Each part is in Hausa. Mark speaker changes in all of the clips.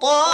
Speaker 1: 我。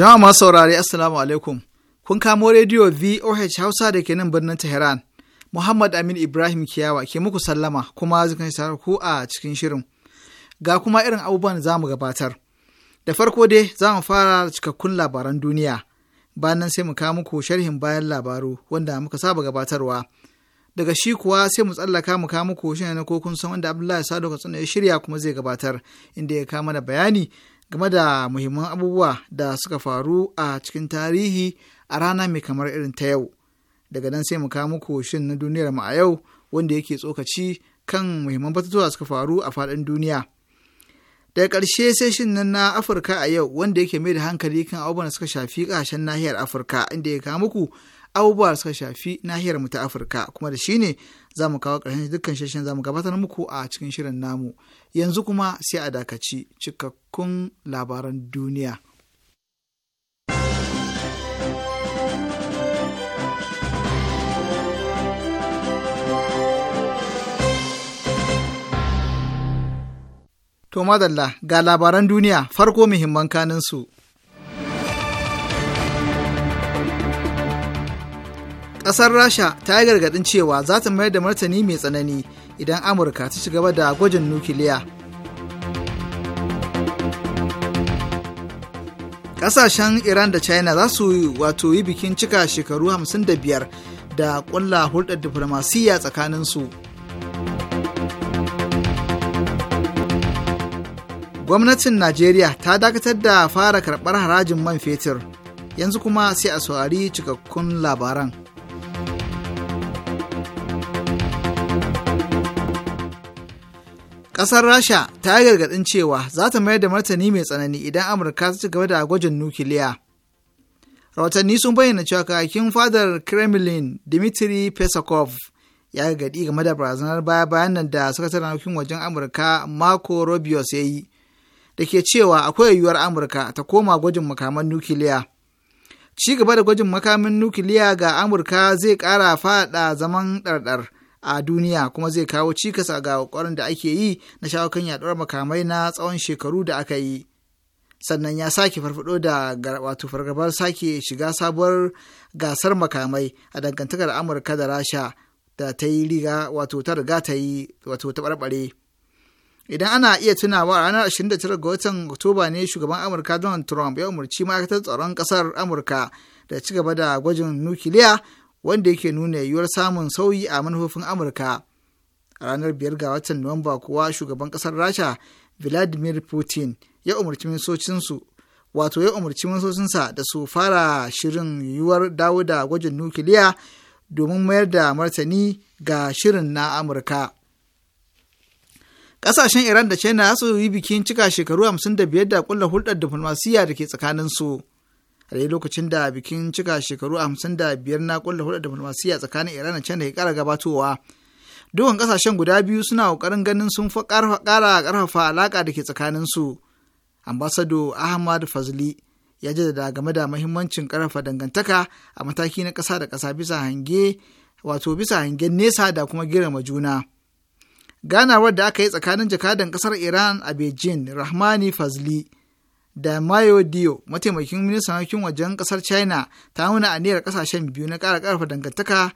Speaker 2: Jama'a masu saurare Assalamu alaikum. Kun kamo rediyo VOH Hausa da ke nan birnin Tehran. Muhammad Amin Ibrahim Kiyawa ke muku sallama kuma zikin shi ku a cikin shirin. Ga kuma irin abubuwan da za mu gabatar. Da farko dai za mu fara cikakkun labaran duniya. Bayan nan sai mu kawo muku sharhin bayan labaru wanda muka saba gabatarwa. Daga shi kuwa sai mu tsallaka mu kawo muku shirin na kokun san wanda Abdullahi Sadu Katsina ya shirya kuma zai gabatar inda ya kama da bayani game da muhimman abubuwa da suka faru a cikin tarihi a rana mai kamar irin ta yau. Daga nan sai mu kawo muku shin na duniyar mu a yau wanda yake tsokaci kan muhimman batutuwa suka faru a faɗin duniya. Daga ƙarshe sai shin nan na Afirka a yau wanda yake mai da hankali kan abubuwan da suka shafi ƙasashen nahiyar Afirka inda ya kawo muku abubuwa da suka shafi nahiyar mu ta Afirka kuma da shine za mu kawo ƙarshen dukkan shashen za mu gabatar muku a cikin shirin namu. yanzu kuma sai a dakaci cikakkun labaran duniya. To madalla ga labaran duniya farko muhimman kaninsu. Ƙasar Rasha ta yi gargaɗin cewa za ta mayar da martani mai tsanani idan amurka ta ci gaba da gwajin nukiliya Kasashen iran da china za su wato yi bikin cika shekaru 55 da ƙulla hulɗar diflomasiyya tsakaninsu gwamnatin najeriya ta dakatar da fara karɓar harajin man fetur yanzu kuma sai a saurari cikakkun labaran Ƙasar Rasha ta yi gargaɗin cewa za ta mayar da martani mai tsanani idan Amurka ta ci gaba da gwajin nukiliya. Rahotanni sun bayyana cewa kakin fadar Kremlin Dmitry Peskov ya gargaɗi game da barazanar baya bayan nan da sakataren harkokin wajen Amurka Marco Rubio ya yi. da ke cewa akwai yiwuwar Amurka ta koma gwajin makaman nukiliya. Ci gaba da gwajin makamin nukiliya ga Amurka zai ƙara faɗa zaman ɗarɗar a duniya kuma zai kawo cikas ga ƙoƙarin da ake yi na shawo kan yaɗuwar makamai na tsawon shekaru da aka yi sannan ya sake farfado da wato fargabar sake shiga sabuwar gasar makamai a dangantakar amurka da rasha da ta yi riga wato ta riga ta yi wato ta barbare idan ana iya tunawa a ranar 29 ga watan oktoba ne shugaban amurka donald trump ya umarci ma'aikatar tsaron kasar amurka da ci gaba da gwajin nukiliya wanda yake nuna yiwuwar samun sauyi a manufofin amurka a ranar biyar ga watan nuwamba kuwa shugaban ƙasar rasha vladimir putin ya umarci minsocinsu wato ya umarci minsocinsa da su fara shirin yiwuwar dawo da gwajin nukiliya domin mayar da martani ga shirin na amurka ƙasashen iran da china su yi bikin cika shekaru 55 da kulla hulɗar diflomasiyya da ke tsakaninsu. su a dai lokacin da bikin cika shekaru hamsin da biyar na kulla hulɗar diflomasiyya tsakanin iran da china ya ƙara gabatowa dukan ƙasashen guda biyu suna ƙoƙarin ganin sun fa ƙara ƙarfafa alaƙa da ke tsakanin su ambasado ahmad fazli ya jaddada game da mahimmancin ƙarfafa dangantaka a mataki na kasa da kasa bisa hange wato bisa hangen nesa da kuma girma juna ganawar da aka yi tsakanin jakadan ƙasar iran a beijing rahmani fazli da Mayo Dio, mataimakin ministan harkokin wajen kasar China, ta nuna aniyar kasashen biyu na kara karfa dangantaka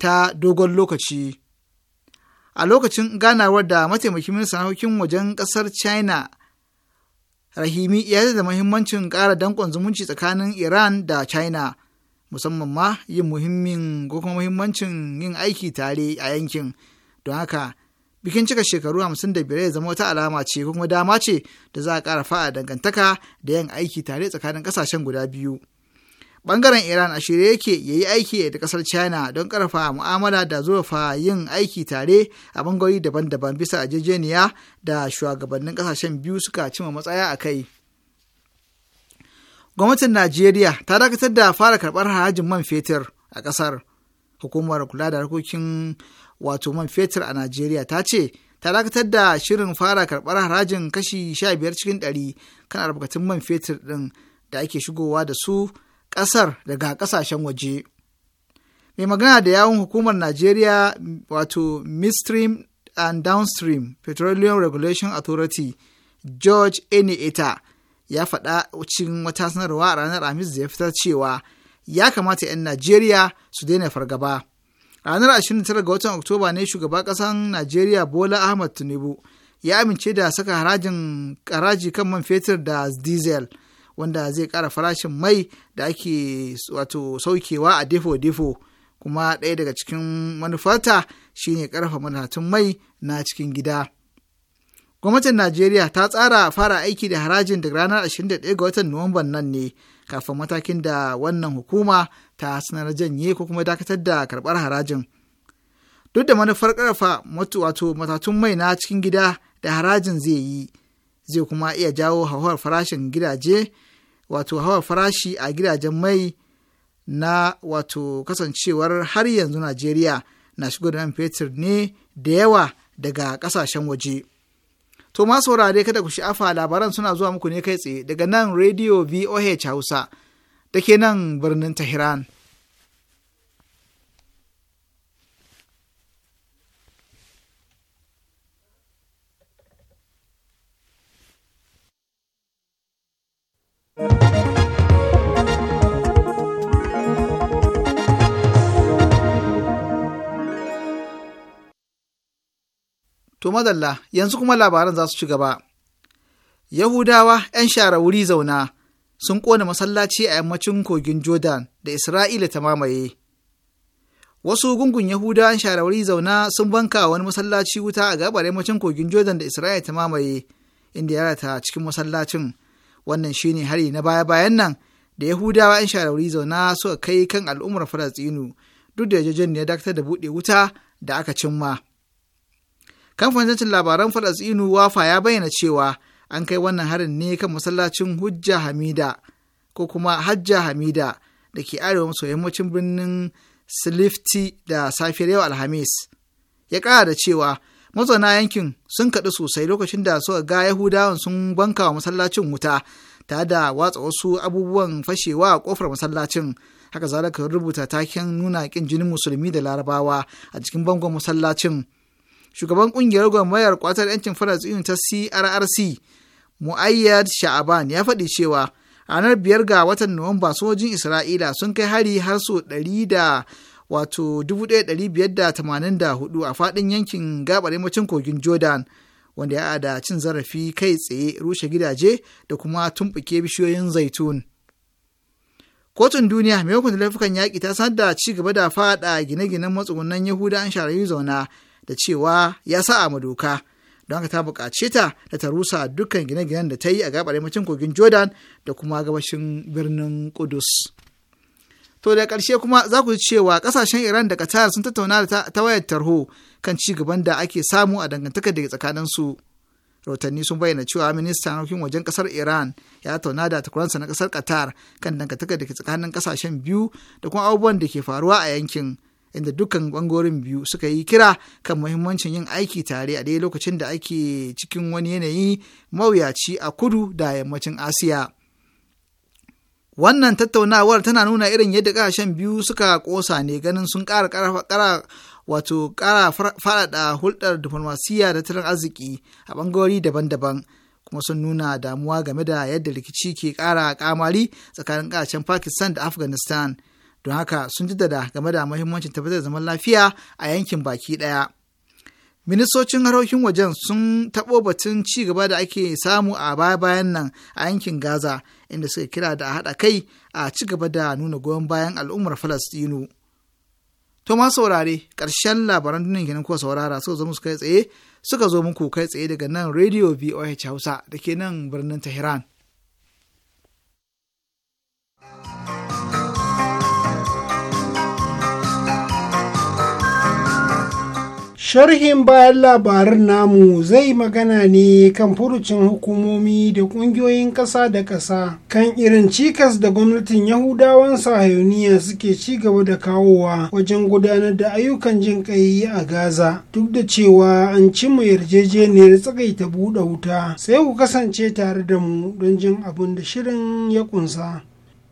Speaker 2: ta dogon lokaci. A lokacin ganawar da mataimakin ministan harkokin wajen kasar China, Rahimi ya da muhimmancin kara dankon zumunci tsakanin Iran da China, musamman ma yin muhimmin ko kuma muhimmancin yin aiki tare a yankin. Don haka, bikin cika shekaru 55 ya zama wata alama ce kuma dama ce da za a ƙara fa'a dangantaka da yin aiki tare tsakanin ƙasashen guda biyu. Bangaren Iran a shirye yake ya yi aiki da ƙasar China don ƙarfa mu'amala da zurfa yin aiki tare a bangarori daban-daban bisa ajejeniya da shugabannin ƙasashen biyu suka cima matsaya a kai. Gwamnatin Najeriya ta dakatar da fara karɓar harajin man fetur a ƙasar. Hukumar kula da harkokin wato man fetur a Najeriya ta ce ta dakatar da shirin fara karɓar harajin kashi 15 cikin 100 kan albarkatun man fetur ɗin da ake shigowa da su ƙasar daga ƙasashen waje. Mai magana da yawon hukumar Najeriya wato Midstream and Downstream Petroleum Regulation Authority George Eneta ya faɗa cikin wata sanarwa a ranar Amis da ya fitar cewa ya kamata 'yan Najeriya su daina fargaba. ranar 29 ga watan oktoba ne shugaba-kasan najeriya bola ahmad tinubu ya amince da saka harajin karaji kan man fetur da diesel wanda zai kara farashin mai da ake wato saukewa a defo-defo kuma ɗaya daga cikin manufarta shine ƙarfa manhatun mai na cikin gida. Gwamnatin Najeriya ta tsara fara aiki da harajin daga ranar 21 ga watan Nuwamban nan ne kafin matakin da wannan hukuma ta sanar janye ko kuma dakatar da karɓar harajin. Duk da manufar ƙarfa wato matatun mai na cikin gida da harajin zai yi, zai kuma iya jawo hauhawar farashin gidaje, wato hauhawar farashi a gidajen mai na wato kasancewar har yanzu Najeriya na shigo da nan fetur ne da yawa daga ƙasashen waje. To ma saurare kada ku sha'afa labaran suna zuwa muku ne kai tsaye daga nan Radio VOH Hausa da ke nan birnin Tehran. To madalla yanzu kuma labaran za su ci gaba. Yahudawa ‘yan shara wuri zauna sun ƙone masallaci a yammacin kogin Jordan da Isra'ila ta mamaye. Wasu gungun Yahudawa ‘yan shara zauna sun banka wani masallaci wuta a gabar yammacin kogin Jordan da Isra'ila ta mamaye inda ya rata cikin masallacin. Wannan shine hari na baya-bayan nan da Yahudawa ‘yan shara zauna suka kai kan al'ummar Falastinu duk da yajejen da ya dakatar da buɗe wuta da aka cimma. kamfanin labaran falasɗinu wafa ya bayyana cewa an kai wannan harin ne kan masallacin hujja hamida ko kuma hajja hamida da ke arewa maso yammacin birnin silifti da safiyar yau alhamis ya kara da cewa mazauna yankin sun kaɗu sosai lokacin da suka ga yahudawan sun banka wa masallacin wuta ta da watsa wasu abubuwan fashewa a kofar masallacin haka zalika rubuta taken nuna ƙin jinin musulmi da larabawa a cikin bangon masallacin shugaban ƙungiyar gwamnatin kwatar 'yancin falasɗinu ta crrc mu'ayyad sha'aban ya faɗi cewa ranar biyar ga watan nuwamba sojin isra'ila sun kai hari har so ɗari da wato 1584 a faɗin yankin gabar yammacin kogin jordan wanda ya da cin zarafi kai tsaye rushe gidaje da kuma tumɓuke bishiyoyin zaitun kotun duniya maimakon laifukan yaƙi ta sanar da ci gaba da faɗa gine-ginen matsugunan yahuda an sharayi zauna da cewa ya sa a doka don haka ta buƙace ta da ta rusa dukkan gine-ginen da ta yi a gabar yammacin kogin jordan da kuma gabashin birnin kudus to da ƙarshe kuma za ku ji cewa ƙasashen iran da qatar sun tattauna ta wayar tarho kan ci gaban da ake samu a dangantaka da tsakanin tsakaninsu rahotanni sun bayyana cewa ministan harkokin wajen ƙasar iran ya tauna da takuransa na kasar qatar kan dangantaka da ke tsakanin kasashen biyu da kuma abubuwan da ke faruwa a yankin inda dukkan bangorin biyu suka yi kira kan muhimmancin yin aiki tare a daya lokacin da ake cikin wani yanayi mawuyaci a kudu da yammacin asiya wannan tattaunawar tana nuna irin yadda ƙasashen biyu suka ƙosa ne ganin sun ƙara ƙara wato ƙara faɗaɗa hulɗar diflomasiyya da tattalin arziki a ɓangarori daban-daban kuma sun nuna damuwa game da yadda rikici ke ƙara kamari tsakanin ƙasashen pakistan da afghanistan don haka sun jaddada game da muhimmancin tabbatar da zaman lafiya a yankin baki daya Ministocin harokin wajen sun taɓo batun ci gaba da ake samu a baya-bayan nan a yankin Gaza, inda suka kira da a haɗa kai a ci gaba da nuna goyon bayan al'ummar Falastinu. To ma saurare, ƙarshen labaran duniya kenan ko saurara suka zo musu kai tsaye, suka zo muku kai tsaye daga nan Radio VOH Hausa da ke nan birnin Tehran.
Speaker 3: sharhin bayan labarin namu zai magana ne kan furucin hukumomi da kungiyoyin ƙasa da ƙasa kan irin cikas da gwamnatin yahudawan sahayuniya suke ci gaba da kawowa wajen gudanar da ayyukan jin ƙai a gaza duk da cewa an ci mu yarjejeniyar tsagaita buɗe wuta sai ku kasance tare da mu don jin abin da shirin ya kunsa.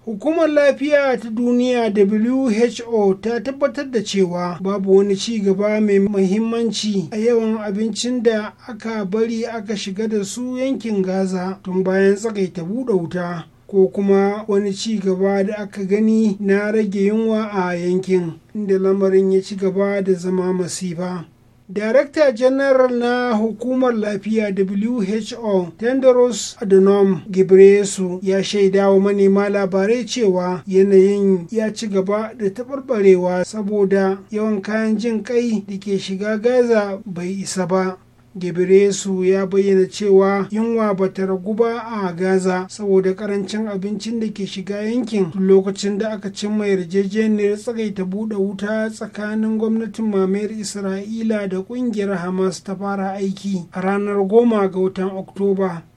Speaker 3: Hukumar Lafiya ta Duniya WHO ta tabbatar da cewa babu wani ci gaba mai muhimmanci a yawan abincin da aka bari aka shiga da su yankin Gaza tun bayan tsakaita buɗe wuta. ko kuma wani ci gaba da aka gani na rage yunwa a yankin inda lamarin ya ci gaba da zama masifa Darakta Janaral na Hukumar Lafiya WHO Tendros Adhanom Ghebreyesus ya shaida wa manema labarai cewa yanayin ya ci gaba da taɓarɓarewa saboda yawan kayan jin kai da ke shiga Gaza bai isa ba. gebresu ya bayyana cewa yunwa ba ta ragu ba a gaza saboda karancin abincin da ke shiga yankin lokacin da aka cimma yarjejeniyar tsagaita buɗe wuta tsakanin gwamnatin mamayar isra'ila da ƙungiyar hamas ta fara aiki a ranar goma ga watan oktoba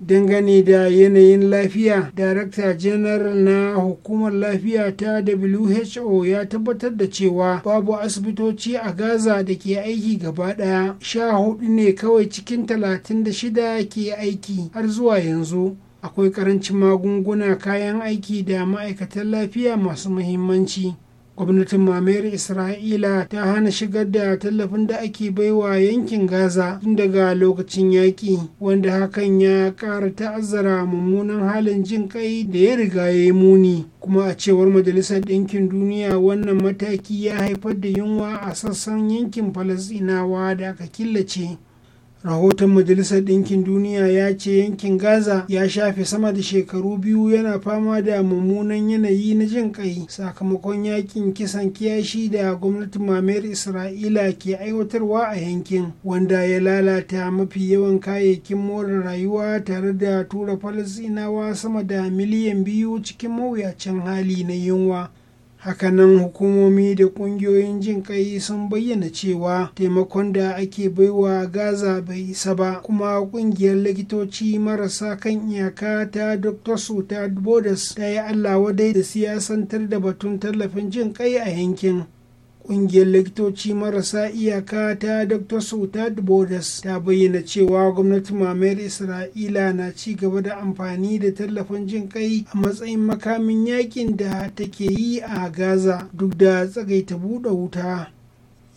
Speaker 3: dangane da yanayin lafiya darakta general na hukumar lafiya ta who ya tabbatar da cewa babu asibitoci a gaza da ke aiki gaba daya sha hudu ne kawai cikin talatin da shida ke aiki har zuwa yanzu akwai karancin magunguna kayan aiki da ma'aikatan lafiya masu muhimmanci gwamnatin mamayar isra'ila ta hana shigar da tallafin da ake baiwa yankin gaza tun daga lokacin yaƙi wanda hakan ya ƙara ta'azzara mummunan halin jin kai da ya riga ya yi muni kuma a cewar majalisar ɗinkin duniya wannan mataki ya haifar da yunwa a sassan yankin falasɗinawa da aka killace rahoton majalisar ɗinkin duniya ya ce yankin gaza ya shafe sama da shekaru biyu yana fama da mummunan yanayi na jin kai sakamakon yakin kisan kiyashi da gwamnatin mamayar isra'ila ke aiwatarwa a yankin wanda ya lalata mafi yawan kayayyakin more rayuwa tare da tura falasinawa sama da miliyan biyu cikin mawuyacin hali na yunwa hakanan hukumomi da kungiyoyin jin kai sun bayyana cewa taimakon da ake baiwa gaza bai isa ba kuma kungiyar likitoci marasa kan iyaka ta dr suta bodas ta yi allah dai da siyasantar da batun tallafin jin kai a yankin Ƙungiyar likitoci marasa iyaka ta Dr. sautad borders ta bayyana cewa gwamnati mamayar Isra'ila na ci gaba da amfani da tallafin jin kai a matsayin makamin yakin da take yi a Gaza duk da tsagaita buɗe wuta.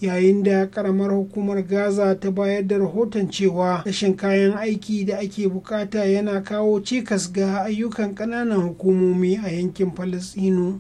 Speaker 3: yayin da karamar hukumar gaza ta bayar da rahoton cewa rashin kayan aiki da ake bukata yana kawo cikas ga ayyukan ƙananan hukumomi a yankin falasɗinu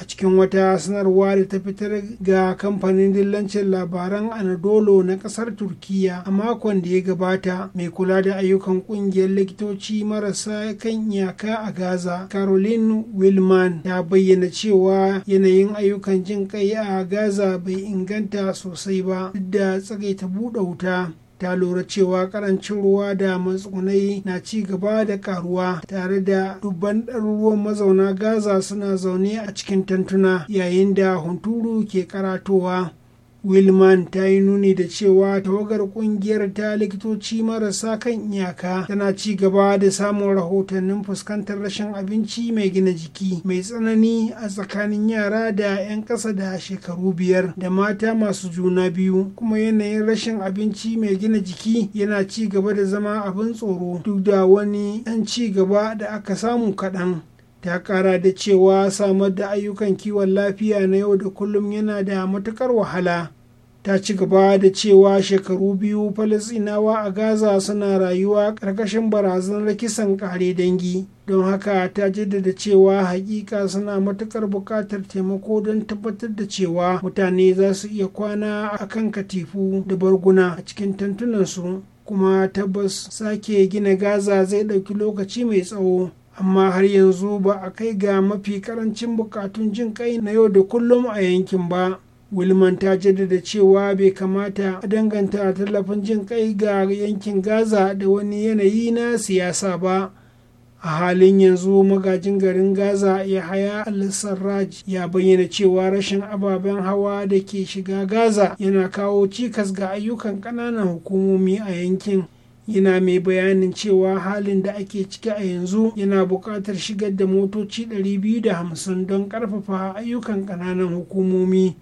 Speaker 3: a cikin wata sanarwa da ta fitar ga kamfanin dillancin labaran anadolo na kasar turkiya a makon da ya gabata mai kula da ayyukan kungiyar likitoci marasa kan iyaka a gaza caroline wilman ta bayyana cewa yanayin ayyukan jin kai a gaza bai inganta sosai ba duk da tsagaita buɗe wuta ta lura cewa karancin ruwa da matsugunai na ci gaba da karuwa tare da dubban ɗaruruwan mazauna gaza suna zaune a cikin tantuna yayin da hunturu ke karatowa Wilman ta yi nuni da cewa tawagar kungiyar ta likitoci marasa kan iyaka tana ci gaba da samun rahotannin fuskantar rashin abinci mai gina jiki mai tsanani a tsakanin yara da 'yan ƙasa da shekaru biyar da mata masu juna biyu kuma yanayin rashin abinci mai gina jiki yana ci gaba da zama abin tsoro duk da wani 'yan ci gaba da aka samu kaɗan. ta kara da cewa samar da ayyukan kiwon lafiya na yau da kullum yana da matukar wahala ta ci gaba da cewa shekaru biyu falasinawa a gaza suna rayuwa ƙarƙashin barazanar kisan kare dangi don haka ta jaddada cewa hakika suna matuƙar buƙatar taimako don tabbatar da cewa mutane za su iya kwana a kan katifu da barguna a cikin tantunansu kuma tabbas sake gina gaza zai ɗauki lokaci mai tsawo amma har yanzu ba a kai ga mafi karancin bukatun jin kai na yau da kullum a yankin ba wilman ta jaddada cewa bai kamata a danganta tallafin jin kai ga yankin gaza da wani yanayi na siyasa ba a halin yanzu magajin garin gaza ya haya al-sarraj ya bayyana cewa rashin ababen hawa da ke shiga gaza yana kawo cikas ga ayyukan ƙananan hukumomi a yankin yana mai bayanin cewa halin da ake ciki a yanzu yana buƙatar shigar da motoci 250 don ƙarfafa ayyukan ƙananan hukumomi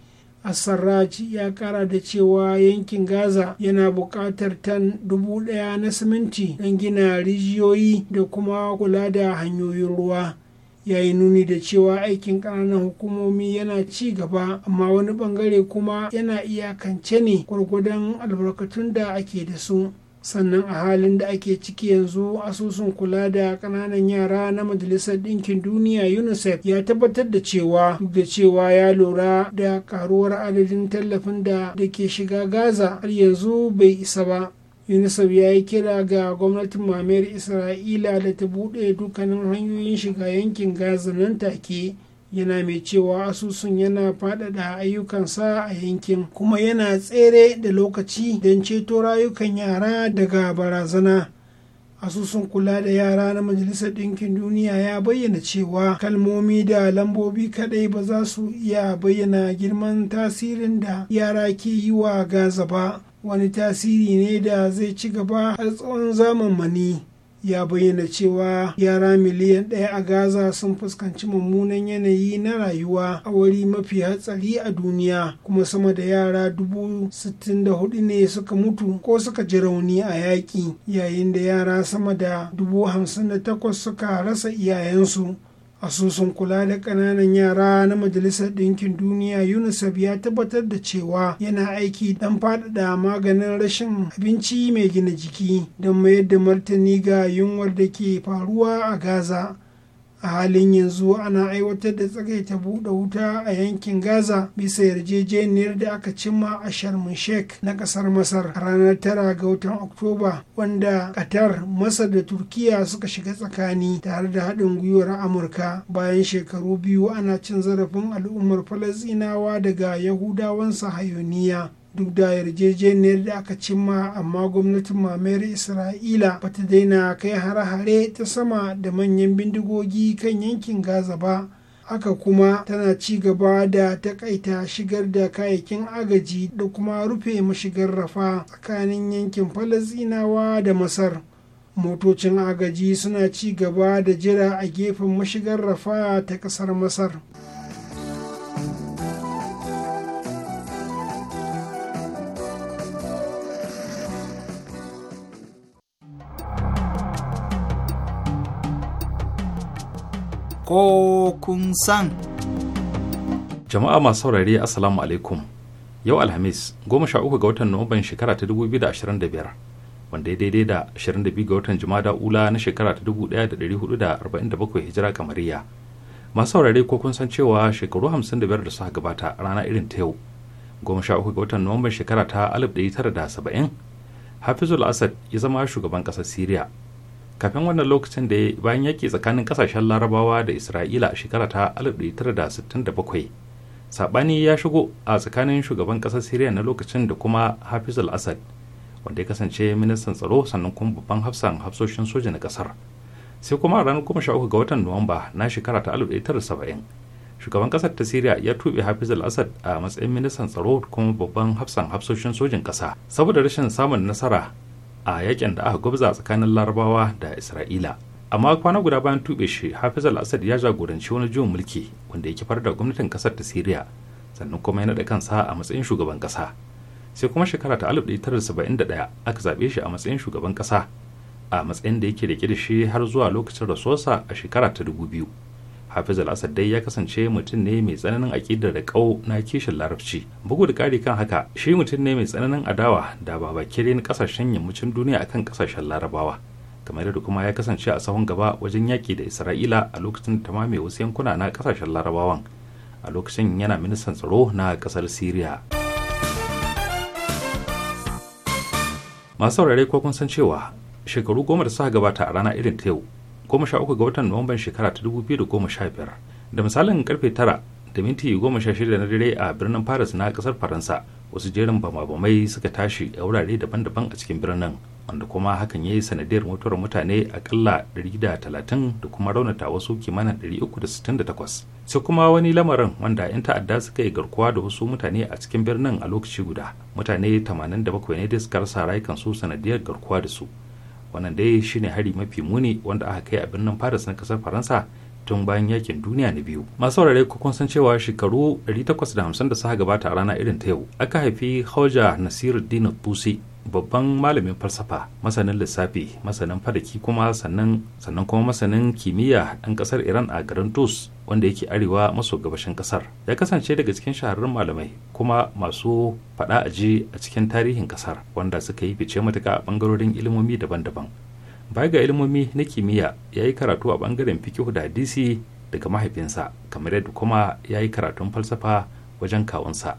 Speaker 3: Assarraj ya kara da cewa yankin Gaza yana buƙatar tan dubu ɗaya na siminti don gina rijiyoyi da kuma kula da hanyoyin ruwa. ya yi nuni da cewa aikin ƙananan hukumomi yana ci gaba amma wani ɓangare kuma yana iyakance ne gwargwadon albarkatun da ake da su. sannan a halin da ake ciki yanzu asusun kula da kananan yara na majalisar ɗinkin duniya unicef ya tabbatar da cewa duk da cewa ya lura da karuwar adadin tallafin da da ke shiga gaza har yanzu bai isa ba unicef ya yi kira ga gwamnatin mamayar isra'ila da ta buɗe dukkanin hanyoyin shiga yankin gaza nan take yana mai cewa asusun yana faɗaɗa ayyukansa a yankin kuma yana tsere da lokaci don ceto rayukan yara daga barazana asusun kula da yara na majalisar ɗinkin duniya ya bayyana cewa kalmomi da lambobi kaɗai ba za su iya bayyana girman tasirin da yara ke yi wa gaza ba wani tasiri ne da zai ci gaba har tsawon zamani ya bayyana cewa yara miliyan ɗaya a gaza sun fuskanci mummunan yanayi na rayuwa a wuri mafi hatsari a duniya kuma sama da yara dubu sittin da hudu ne suka mutu ko suka ji rauni a yaƙi yayin da yara sama da dubu hamsin da takwas suka rasa iyayensu asusun kula da kananan yara na majalisar ɗinkin duniya unicef ya tabbatar da cewa yana aiki don faɗaɗa maganin rashin abinci mai gina jiki don mayar da martani ga yunwar da ke faruwa a gaza a halin yanzu ana aiwatar da tsagaita buɗe wuta a yankin gaza bisa yarjejeniyar da aka cimma a sharmin sheik na ƙasar masar a ranar tara ga watan oktoba wanda qatar masar da turkiya suka shiga tsakani tare da haɗin gwiwar amurka bayan shekaru biyu ana cin zarafin al'ummar falasinawa daga yahudawan sahayoniya duk da yarjejeniyar da aka cimma amma gwamnatin mamayar isra'ila ba ta daina kai hare-hare ta sama da manyan bindigogi kan yankin gaza ba haka kuma tana ci gaba da takaita shigar da kayayyakin agaji da kuma rufe mashigar rafa tsakanin yankin falasinawa da masar motocin agaji suna ci gaba da jira a gefen mashigar rafa ta kasar masar
Speaker 2: ko kun san.
Speaker 4: Jama'a masu saurari Assalamu alaikum. Yau Alhamis, goma sha uku ga watan Nuwamban shekara ta dubu biyu da ashirin da biyar, wanda ya daidai da ashirin da biyu ga watan Jumada Ula na shekara ta dubu ɗaya da ɗari hudu da arba'in da bakwai hijira kamariya. Masu saurari ko kun san cewa shekaru hamsin da biyar da suka gabata rana irin ta yau. Goma sha uku ga watan Nuwamban shekara ta alif ɗari tara da saba'in, Hafizul Asad ya zama shugaban ƙasar Siriya kafin wannan lokacin da ya bayan yaƙi tsakanin kasashen larabawa da isra'ila a shekara ta 1967 saɓani ya shigo a tsakanin shugaban ƙasar siriya na lokacin da kuma hafiz al-assad wanda ya kasance ministan tsaro sannan kuma babban hafsan hafsoshin soja na ƙasar sai kuma a ranar uku ga watan nuwamba na shekara ta 1970 shugaban ƙasar ta siriya ya tuɓe hafiz al-assad a matsayin ministan tsaro kuma babban hafsan hafsoshin sojin ƙasa saboda rashin samun nasara a yakin da aka gubza tsakanin larabawa da isra'ila amma kwana guda bayan tube shi hafiz al-assad ya jagoranci wani juyin mulki wanda ya kifar da gwamnatin kasar ta syria sannan kuma ya naɗa kansa a matsayin shugaban kasa sai kuma shekara ta 1971 aka zaɓe shi a matsayin shugaban kasa a matsayin da yake da shi har zuwa lokacin rasuwarsa a shekara ta 2000 hafiz al-asad dai ya kasance mutum ne mai tsananin aƙidar da ƙau na kishin larabci bugu da ƙari kan haka shi mutum ne mai tsananin adawa da babakirin ƙasashen yammacin duniya akan ƙasashen larabawa kamar da kuma ya kasance a sahun gaba wajen yaki da isra'ila a lokacin da mame wasu yankuna na ƙasashen larabawan a lokacin yana ministan tsaro na ƙasar syria masu saurare ko kun san cewa shekaru goma da suka gabata a rana irin ta yau goma sha uku ga watan nuwamban shekara ta dubu biyu da goma sha biyar da misalin karfe tara da minti goma sha shida na dare a birnin paris na kasar faransa wasu jerin bama-bamai suka tashi a wurare daban-daban a cikin birnin wanda kuma hakan ya yi sanadiyar mutuwar mutane akalla 130 da kuma raunata wasu kimanin 368 sai kuma wani lamarin wanda 'yan ta'adda suka yi garkuwa da wasu mutane a cikin birnin a lokaci guda mutane 87 ne da suka rasa rayukan su sanadiyar garkuwa da su wannan dai shine hari mafi muni wanda aka kai a birnin paris na kasar faransa tun bayan yakin duniya na biyu masu saurare kun san cewa shekaru 850 da suka gabata a rana irin ta yau aka haifi hauja nasiruddin tusi babban malamin falsafa masanin lissafi masanin fadaki kuma sannan sannan kuma masanin kimiyya ɗan ƙasar iran a garin tus wanda yake arewa maso gabashin ƙasar ya kasance daga cikin shahararrun malamai kuma masu faɗa aji a cikin tarihin ƙasar wanda suka yi fice matuka a ɓangarorin ilimomi daban-daban baya ga ilimomi na kimiyya ya yi karatu a ɓangaren fikihu da hadisi daga mahaifinsa kamar yadda kuma ya yi karatun falsafa wajen kawunsa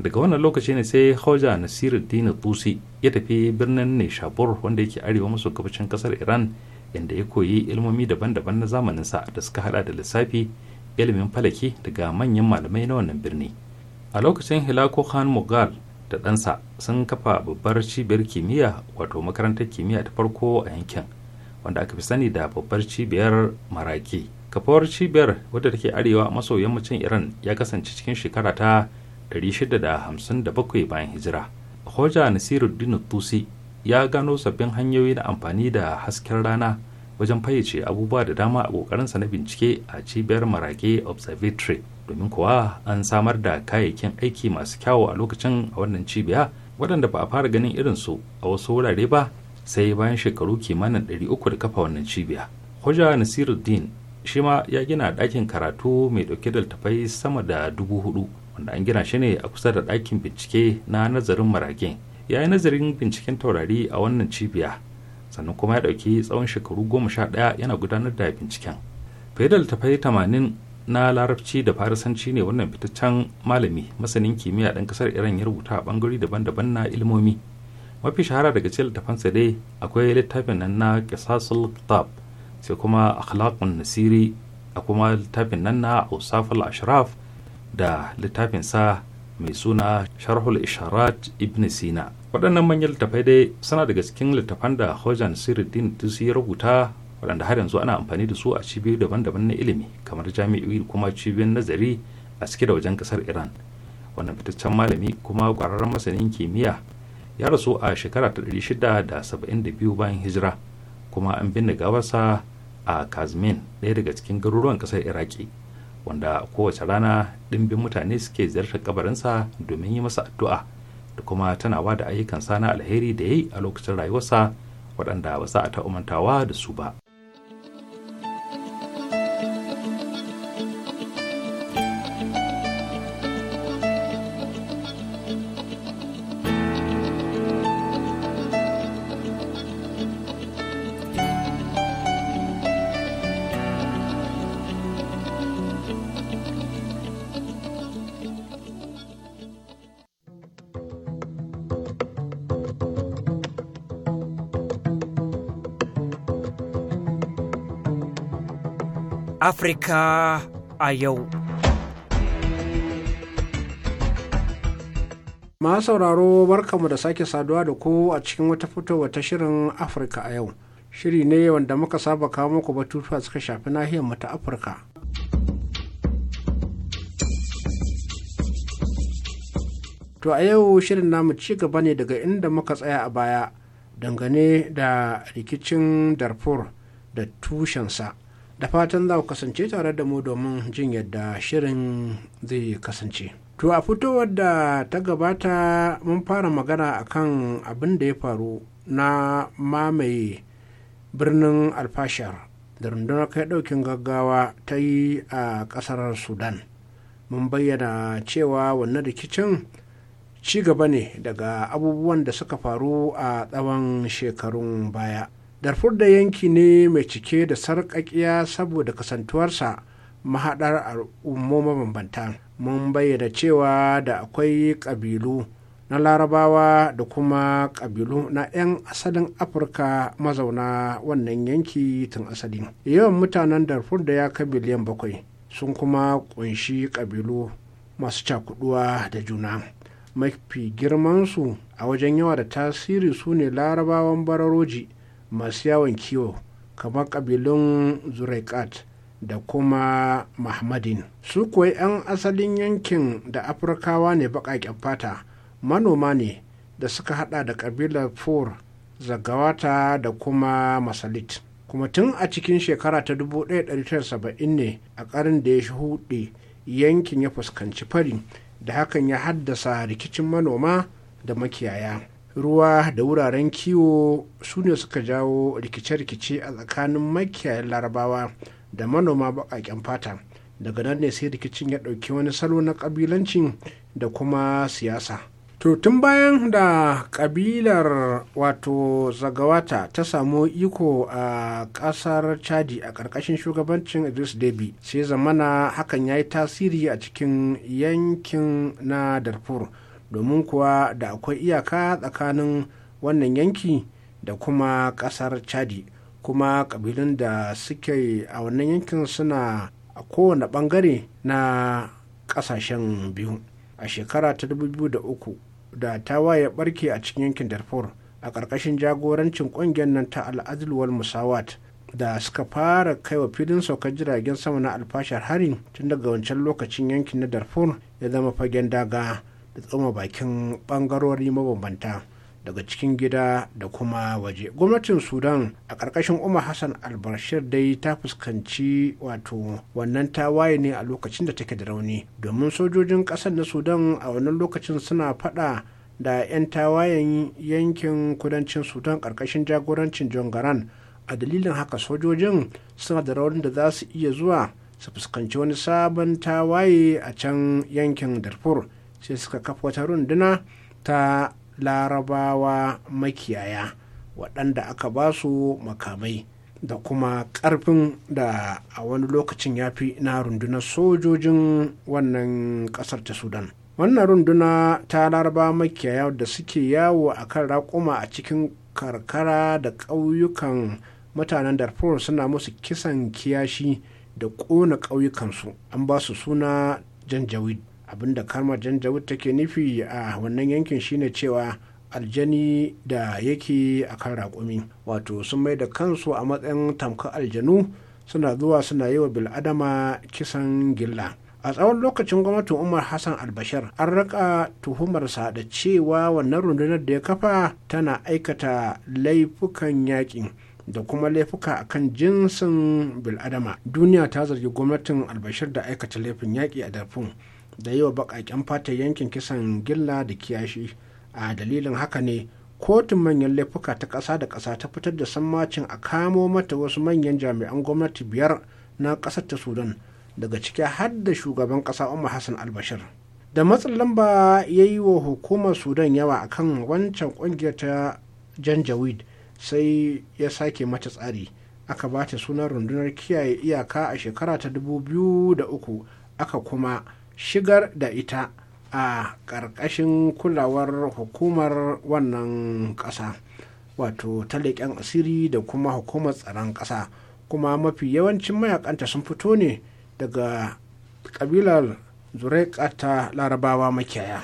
Speaker 4: daga wannan lokaci ne sai hoja nasiruddin Busi ya tafi birnin neshabur wanda yake arewa maso gabashin kasar iran inda ya koyi ilmomi daban-daban na zamaninsa da suka hada da lissafi ilimin falaki daga manyan malamai na wannan birni a lokacin hilako khan mughal da ɗansa sun kafa babbar cibiyar kimiyya wato makarantar kimiyya ta farko a yankin wanda aka fi sani da babbar cibiyar maraki kafawar cibiyar wadda take arewa maso yammacin iran ya kasance cikin shekara ta 657 bayan hijira hoja nasiruddin tusi ya gano sabbin hanyoyi na amfani da hasken rana wajen fayyace abubuwa da dama a kokarinsa na bincike a cibiyar marage observatory domin kuwa an samar da kayayyakin aiki masu kyawu a lokacin a wannan cibiya waɗanda ba a fara ganin irinsu a wasu wurare ba sai bayan shekaru kimanin 300 da kafa wannan cibiya hoja nasiruddin shi ma ya gina ɗakin karatu mai ɗauke da littattafai sama da dubu hudu wanda an gina shi ne a kusa da ɗakin bincike na nazarin marage ya yi nazarin binciken taurari a wannan cibiya sannan kuma ya ɗauki tsawon shekaru goma sha ɗaya yana gudanar da binciken fiye da littafai tamanin na larabci da farisanci ne wannan fitaccen malami masanin kimiyya ɗan ƙasar iran ya rubuta a ɓangare daban-daban na ilmomi mafi shahara daga cikin littafansa dai akwai littafin nan na kisasul kitab sai kuma akhlaqun nasiri a kuma littafin nan na ausaful ashraf da littafinsa mai suna sharhul isharat ibn sina waɗannan manyan littafai dai suna daga cikin littafan da hojan sirridin tusi ya rubuta waɗanda har yanzu ana amfani da su a cibiyoyi daban-daban na ilimi kamar jami'o'i kuma cibiyoyin nazari a cike da wajen ƙasar iran wannan fitaccen malami kuma ƙwararren masanin kimiyya ya rasu a shekara ta 672 bayan hijira kuma an binne gawarsa a kazmin ɗaya daga cikin garuruwan ƙasar iraki wanda kowace rana ɗimbin mutane suke ziyartar kabarinsa domin yi masa addu'a da kuma ba da ayyukan sana alheri da ya yi a lokacin rayuwarsa waɗanda ba za a ta umantawa da su ba
Speaker 5: Afirka a yau.
Speaker 6: Ma sauraro barkamu da sake saduwa da ku a cikin wata fitowa ta shirin Afirka a yau. Shiri ne wanda muka saba kawo muku batutuwa suka shafi nahiyar mu ta Afirka. To a yau shirin namu ci gaba ne daga inda muka tsaya a baya dangane da rikicin Darfur da tushensa. da fatan za ku kasance tare da mu domin jin yadda shirin zai kasance to a fitowar da ta gabata mun fara magana akan abin da ya faru na mamaye birnin alfashar da rundunar kai daukin gaggawa ta yi a kasar sudan mun bayyana cewa wannan rikicin ci gaba ne daga abubuwan da suka faru a tsawon shekarun baya darfur da yanki ne mai cike da sarƙaƙiya saboda kasantuwarsa mahaɗar al'ummo mabambanta mun bayyana cewa da akwai ƙabilu na larabawa da kuma ƙabilu na 'yan asalin afirka mazauna wannan yanki tun asali yawan mutanen darfur da ya kai biliyan bakwai sun kuma ƙunshi ƙabilu masu cakuduwa da juna mafi girmansu a wajen yawa da tasiri su ne larabawan bararoji masu yawon kiwo kamar ƙabilun zurekat da kuma mahmadin su kuwa 'yan asalin yankin da afirkawa ne baƙaƙen fata manoma ne da suka hada da kabilar fur zagawata da kuma masalit kuma tun a cikin shekara ta 1970 ne a ƙarin da ya shuɗe yankin ya fuskanci fari da hakan ya haddasa rikicin manoma da makiyaya ruwa da wuraren kiwo su ne suka jawo rikice-rikice a tsakanin makiyayan larabawa da manoma baƙaƙen fata daga nan ne sai rikicin ya ɗauki wani salo na ƙabilanci da kuma siyasa to tun bayan da ƙabilar wato zagawata ta samu iko a ƙasar chadi a ƙarƙashin shugabancin idris debi sai zamana hakan ya yi tasiri a cikin yankin na darfur domin kuwa da akwai iyaka tsakanin wannan yanki da kuma ƙasar chadi kuma kabilun da suke a wannan yankin suna a kowane ɓangare na ƙasashen biyu a shekara ta 2003 da tawaye barke a cikin yankin darfur a ƙarƙashin jagorancin ƙungiyar nan ta al'adulwal musawat da suka fara kai wa filin saukar jiragen sama na alfashar harin tun daga wancan lokacin yankin na darfur ya zama fagen daga da tsoma bakin bangarori mabambanta daga cikin gida da kuma waje gwamnatin sudan a ƙarƙashin umar hassan albashir dai ta fuskanci wato wannan tawaye ne a lokacin da take da rauni domin sojojin ƙasar na sudan a wannan lokacin suna faɗa da 'yan tawayen yankin kudancin sudan ƙarƙashin jagorancin john garan a dalilin haka sojojin suna da raunin da za su iya zuwa su fuskanci wani sabon tawaye a can yankin darfur sai suka kafa wata runduna ta larabawa makiyaya waɗanda aka ba su makamai da kuma ƙarfin da a wani lokacin ya fi na rundunar sojojin wannan ƙasar ta sudan wannan runduna ta laraba makiyaya da suke yawo a kan raƙuma a cikin karkara da ƙauyukan mutanen darfur suna musu kisan kiyashi da ƙona ƙauyukansu an ba su suna janjawid abinda karma janjawut take nufi a wannan yankin shine cewa aljani da yake a kan raƙumi wato sun mai da kansu a matsayin tamkar aljanu suna zuwa suna yi wa bil'adama kisan gilla a tsawon lokacin gwamnatin umar hassan Albashar, an raka tuhumarsa da cewa wannan rundunar da ya kafa tana aikata laifukan yaƙi da kuma laifuka a kan jinsin bil'adama duniya ta zargi gwamnatin Albashar da aikata laifin yaƙi a darfur da yi wa baƙaƙen fata yankin kisan gilla da kiyashi a dalilin haka ne kotun manyan laifuka ta ƙasa da ƙasa ta fitar da sammacin a kamo mata wasu manyan jami'an gwamnati biyar na ƙasar ta sudan daga ciki har da shugaban ƙasa umar hassan albashir da matsin lamba ya yi wa hukumar sudan yawa akan wancan ƙungiyar ta janjaweed sai ya sake mata tsari aka ba ta sunan rundunar kiyaye iyaka a shekara ta uku aka kuma shigar da ita a ƙarƙashin kulawar hukumar wannan ƙasa wato ta leƙen asiri da kuma hukumar tsaron ƙasa kuma mafi yawancin mayakanta sun fito ne daga ƙabilar zuraika ta larabawa makiyaya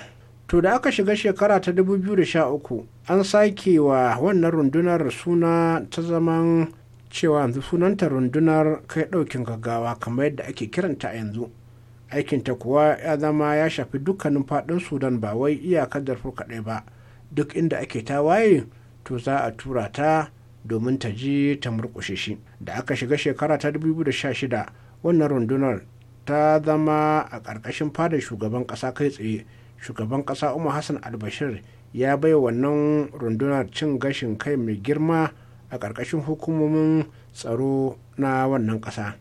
Speaker 6: to da aka shiga shekara ta 2013 an sake wa wannan rundunar suna ta zaman cewa yanzu sunanta rundunar kai ɗaukin gaggawa kamar yadda ake kiranta a yanzu aikinta kuwa ya zama ya shafi dukkanin faɗin sudan ba wai iyakar darfur kaɗai ba duk inda ake tawaye to za a tura ta domin ta ji ta murƙushe shi da aka shiga shekara ta 2016 wannan rundunar ta zama a ƙarƙashin fadar shugaban ƙasa kai tsaye shugaban ƙasa umar hassan albashir ya bai wannan rundunar cin gashin kai mai girma a ƙarƙashin hukumomin tsaro na wannan ƙasa.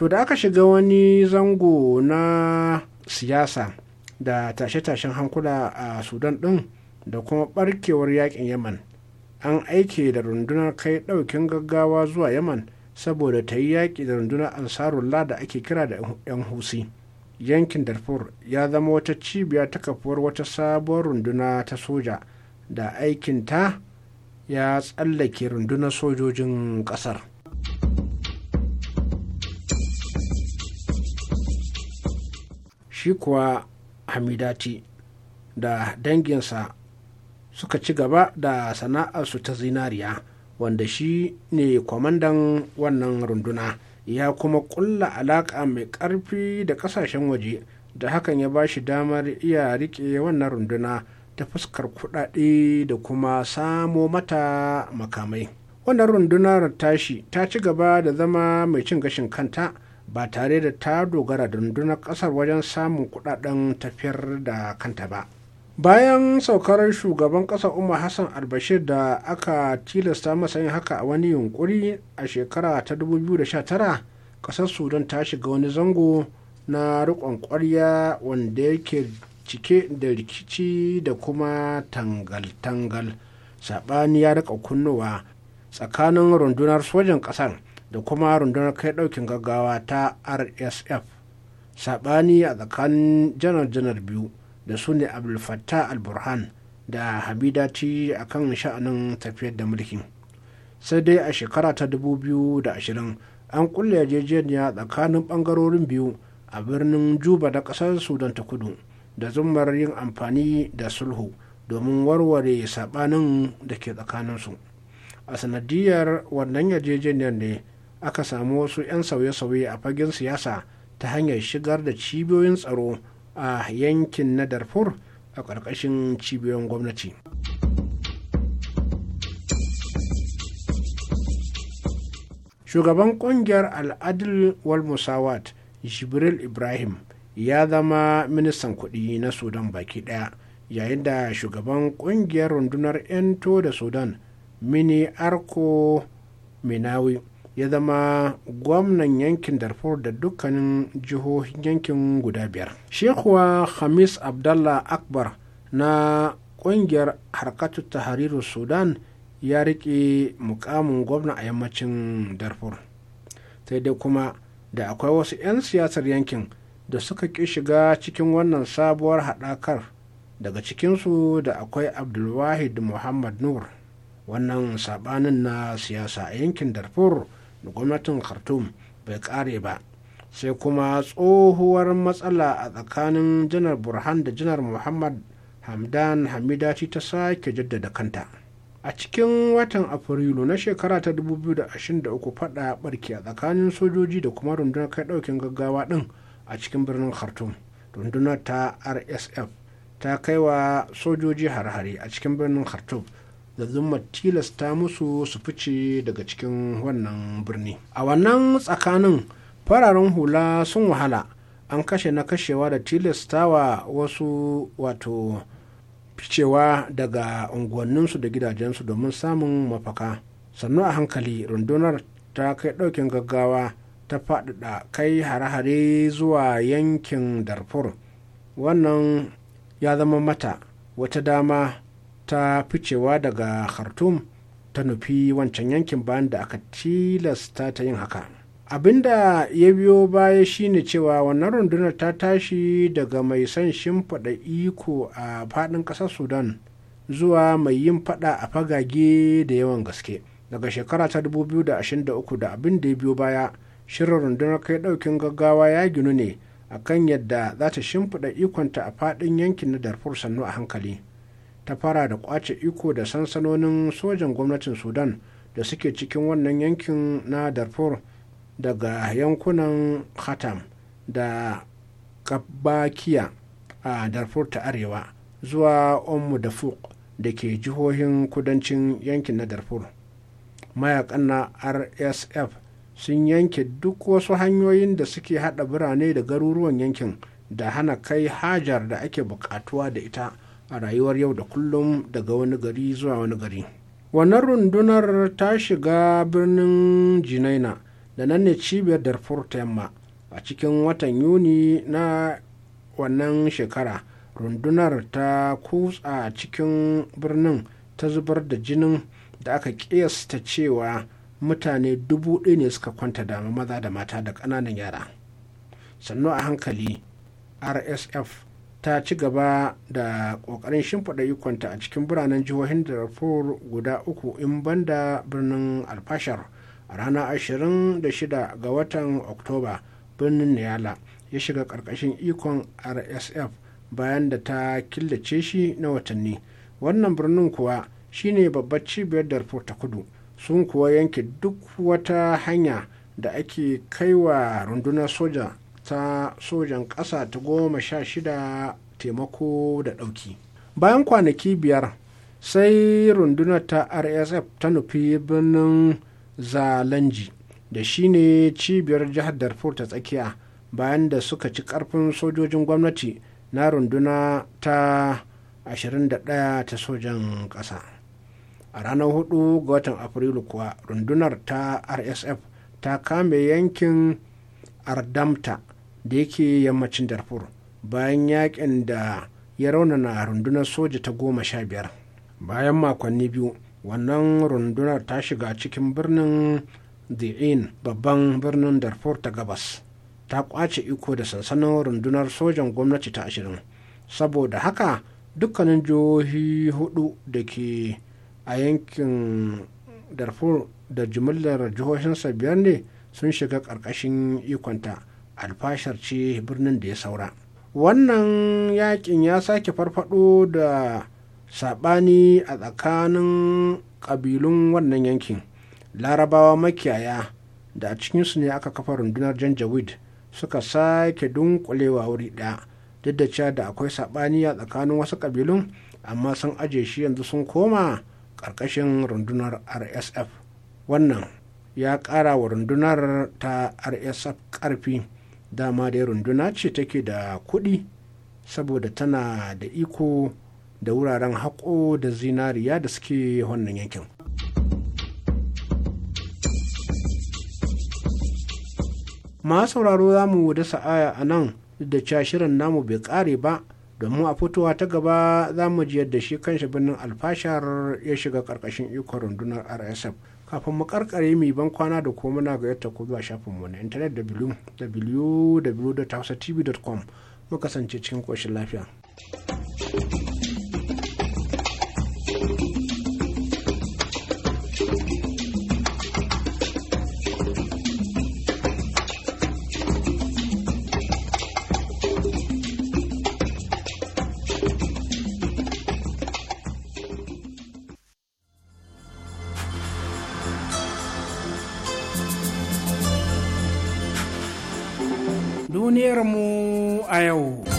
Speaker 6: to da aka shiga wani zango na siyasa da tashe-tashen hankula a sudan din da kuma barkewar yakin yaman an aike da rundunar kai daukin gaggawa zuwa yaman saboda ta yi yaƙi da rundunar ansarullah da ake kira da 'yan husi yankin darfur ya zama wata cibiya ta kafuwar wata sabuwar runduna ta soja da aikinta ya tsallake rundunar sojojin ƙasar shi kuwa hamidati da danginsa suka ci gaba da sana'arsu ta zinariya wanda shi ne kwamandan wannan runduna ya kuma kulla alaƙa mai ƙarfi da ƙasashen waje da hakan ya ba shi damar iya riƙe wannan runduna ta fuskar kuɗaɗe da kuma samo mata makamai wannan rundunar tashi ta ci gaba da zama mai cin gashin kanta ba tare da ta dogara da rundunar kasar wajen samun kudaden tafiyar da kanta ba bayan saukar shugaban kasar umar hassan albashir da aka tilasta masa yin haka a wani yunkuri a shekara ta 2019 kasar sudan ta shiga wani zango na rikon kwarya wanda yake cike da rikici da kuma tangal-tangal saɓani ya rika kunnuwa tsakanin rundunar sojan ƙasar da kuma rundunar kai daukin gaggawa ta rsf sabani a tsakanin janar-janar biyu da su ne abdulfattah al-burhan da habidati a kan sha'anin tafiyar da mulki sai dai a shekara ta 2020 an kulle yarjejeniya tsakanin bangarorin biyu a birnin juba da kasar sudan ta kudu da zumar yin amfani da sulhu domin warware sabanin da ke tsakaninsu a sanadiyar wannan yarjejeniyar ne aka samu wasu 'yan sauye-sauye a fagen siyasa ta hanyar shigar da cibiyoyin tsaro a yankin na darfur a ƙarƙashin cibiyoyin gwamnati shugaban ƙungiyar al'adil wal musawat jibril ibrahim ya zama ministan kuɗi na sudan baki ɗaya yayin da shugaban ƙungiyar rundunar 'yanto da sudan mini arko minawi ya zama gwamnan yankin darfur da dukkanin jihohin yankin guda biyar shekuwa hamis abdallah akbar na kungiyar harkatu tahariru sudan ya rike mukamin gwamna a yammacin darfur sai dai kuma da akwai wasu 'yan siyasar yankin da suka ƙi shiga cikin wannan sabuwar haɗakar daga cikinsu da akwai abdulwahid muhammad nur wannan sabanin na siyasa a yankin darfur da gwamnatin khartoum bai kare ba sai kuma tsohuwar matsala a tsakanin janar burhan da janar muhammad hamdan hamidaci ta sake jaddada kanta a cikin watan afrilu na shekara ta 2023 fada barki a tsakanin sojoji da kuma rundunar kai daukin gaggawa din a cikin birnin khartoum rundunar ta rsf ta kai wa sojoji har hari a cikin birnin khartoum da zummar tilasta musu su fice daga cikin wannan birni a wannan tsakanin fararen hula sun wahala an kashe na kashewa da tilastawa wasu wato ficewa daga unguwanninsu da gidajensu domin samun mafaka sannu a hankali rundunar ta kai ɗaukin gaggawa ta faɗaɗa kai hare-hare zuwa yankin darfur wannan ya zama mata wata dama ta ficewa daga khartoum ta nufi wancan yankin bayan da aka tilasta ta yin haka abinda ya biyo baya shine cewa wannan rundunar ta tashi daga mai son shimfiɗa iko a faɗin ƙasar sudan zuwa mai yin faɗa a fagage da yawan gaske daga shekara ta 2023 da abin da ya biyo baya shirin rundunar kai ɗaukin gaggawa ya ginu ne akan yadda za ta shimfiɗa ikonta a faɗin yankin na darfur sannu a hankali ta fara da kwace iko da sansanonin sojan gwamnatin sudan da suke cikin wannan yankin na darfur daga yankunan khatam da kabakiya a darfur ta arewa zuwa ummu da fuk da ke jihohin kudancin yankin na darfur mayakan na rsf sun yanke duk wasu hanyoyin da suke hada birane da garuruwan yankin da hana kai hajar da ake bukatuwa da ita a rayuwar yau da kullum daga wani gari zuwa wani gari wannan rundunar ta shiga birnin jinaina da nan ne cibiyar darfur ta yamma a cikin watan yuni na wannan shekara rundunar ta kutsa cikin birnin ta zubar da jinin da aka kiyasta cewa mutane dubu ɗaya ne suka kwanta dama maza da mata da ƙananan yara sannu a hankali rsf ta ci gaba da kokarin shimfiɗa ikonta a cikin biranen jihohin darfur guda uku in banda birnin alfashar a ranar 26 ga watan oktoba birnin niyala ya shiga ƙarƙashin ikon rsf bayan da ta killace shi na watanni wannan birnin kuwa shine babbar cibiyar darfur ta kudu sun kuwa yanke duk wata hanya da ake kaiwa rundunar soja ta sojan ƙasa ta goma sha shida taimako da ɗauki bayan kwanaki biyar sai rundunar ta rsf ta nufi birnin zalanji da shine cibiyar jihar darfur ta tsakiya bayan da suka ci ƙarfin sojojin gwamnati na runduna ta 21 ta sojan ƙasa a ranar 4 ga watan afrilu kuwa rundunar ta rsf ta kame yankin ardamta da yake yammacin darfur bayan yakin da ya raunana rundunar soja ta goma sha biyar bayan makonni biyu wannan rundunar ta shiga cikin birnin di'in babban birnin darfur ta gabas ta kwace iko da sansanin rundunar sojan gwamnati ta ashirin saboda haka dukkanin jihohi hudu da ke a yankin darfur da jimillar jihohinsa biyar ne sun shiga ƙarƙashin ikonta alfashar ce birnin da ya saura wannan yakin ya sake farfado da sabani a tsakanin kabilun wannan yankin larabawa makiyaya da a cikinsu ne aka kafa rundunar janjaweed suka sake dunkulewa wuri ɗaya duk da cewa da akwai sabani a tsakanin wasu kabilun amma sun aje shi yanzu sun koma ƙarƙashin rundunar rsf wannan ya ƙara wa rundunar ta rsf ƙarfi dama dai runduna ce take da kuɗi saboda tana da iko da wuraren haƙo da zinariya da suke wannan yankin ma sauraro za mu da sa'aya a nan da cashirin namu bai ƙare ba domin a fitowa ta gaba za mu ji yadda shi kan birnin alfashar ya shiga ƙarƙashin ikon rundunar rsf kafin mu karkare mai ban kwana da kuma muna ga yadda ku zuwa shafin mu na intanet www.hausatv.com mu kasance cikin koshin lafiya. mu a yau.